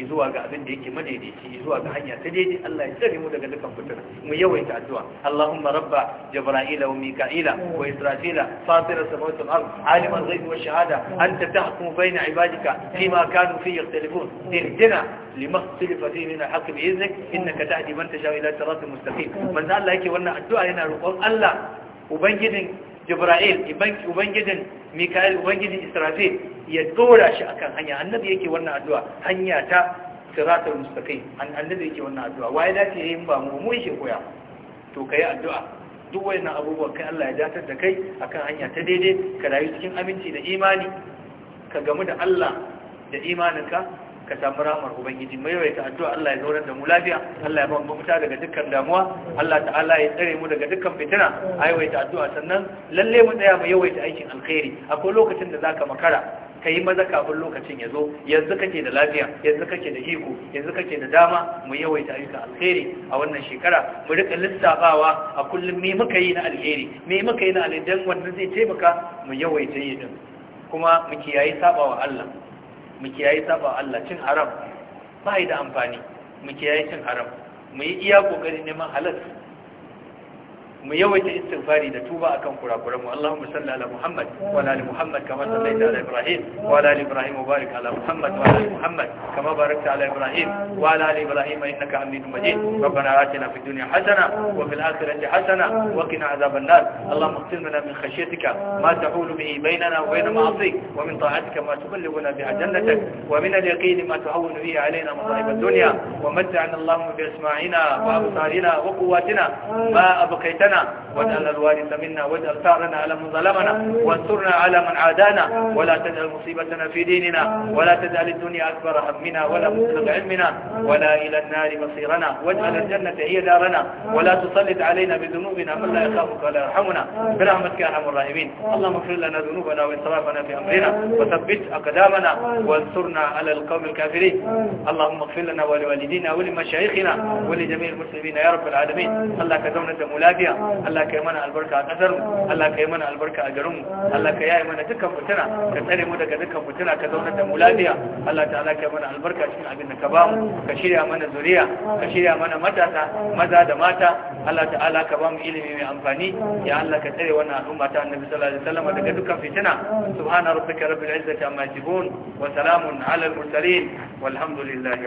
zuwa ga abin da yake madaidaici zuwa ga hanya ta daidai Allah ya tsare mu daga dukkan fitina mu yawaita addu'a Allahumma rabba jibril wa mika'ila wa israfil fatir as-samawati wal ard alim ghaib wa shahada anta tahkumu bayna ibadika fima kanu fi yakhtalifun ihdina lima ikhtalafa fihi min al-haqq bi idhnik innaka tahdi man tashaa ila siratin mustaqim manzo Allah yake wannan addu'a yana roƙon Allah ubangijin jibra'il ubangijin mika'il ubangijin israfil ya dora shi akan hanya annabi yake wannan addu'a hanya ta siratul mustaqim annabi yake wannan addu'a waye ke yin ba mu mu yake koya to kai addu'a duk wayannan abubuwa kai Allah ya datar da kai akan hanya ta daidai ka rayu cikin aminci da imani ka gamu da Allah da imaninka ka samu ramar ubangiji mai yawaita addu'a Allah ya zaunar da mu lafiya Allah ya ba mu daga dukkan damuwa Allah ta'ala ya tsare mu daga dukkan fitina a yawaita addu'a sannan lalle mu tsaya mu yawaita aikin alkhairi akwai lokacin da za ka makara ka yi maza kafin lokacin ya zo yanzu kake da lafiya yanzu kake da iko yanzu kake da dama mu yawaita aikin alheri a wannan shekara mu rika lissafawa a kullum me muka yi na alheri me muka yi na alheri wannan zai taimaka mu yawaita yi din kuma mu kiyaye sabawa Allah mu kiyaye saba Allah cin haram ba da amfani mu kiyaye cin haram mu yi iya kokarin neman halal mu yawaita istighfari da tuba akan kurakuran mu Allahumma salli ala Muhammad wa ala Muhammad kama sallaita ala Ibrahim wa ala Ibrahim wa barik ala Muhammad wa ala Muhammad kama barakta ala Ibrahim wa ala ali Ibrahim innaka Hamidum Majid ربنا آتنا في الدنيا حسنة وفي الآخرة حسنة وقنا عذاب النار اللهم اغفر لنا من خشيتك ما تحول به بيننا وبين معصيك ومن طاعتك ما تبلغنا بها جنتك ومن اليقين ما تهون به علينا مصائب الدنيا ومتعنا wa بأسماعنا وأبصارنا وقواتنا ما أبقيتنا واجعل الوارث منا واجعل ثارنا على من ظلمنا وانصرنا على من عادانا ولا تجعل مصيبتنا في ديننا ولا تجعل الدنيا أكبر همنا ولا مبلغ علمنا ولا إلى النار مصيرنا واجعل الجنة هي دارنا ولا تسلط علينا بذنوبنا من لا يخافك ولا يرحمنا برحمتك يا أرحم الراحمين اللهم اغفر لنا ذنوبنا وإسرافنا في أمرنا وثبت أقدامنا وانصرنا على القوم الكافرين اللهم اغفر لنا ولوالدينا ولمشايخنا ولجميع المسلمين يا رب العالمين صلى كدونة ملاقيا Allah ka yi mana albarka a kasar mu Allah ka yi mana albarka a garin mu Allah ka yaye mana dukkan fitina ka tsare mu daga dukkan fitina ka zauna da mu lafiya Allah ta'ala ka yi mana albarka cikin abin da ka ba mu ka shirya mana zuriya ka shirya mana matasa maza da mata Allah ta'ala ka ba mu ilimi mai amfani ya Allah ka tsare wannan al'umma ta Annabi sallallahu alaihi wasallam daga dukkan fitina subhana rabbika rabbil izzati amma yasifun wa salamun ala al mursalin walhamdulillahi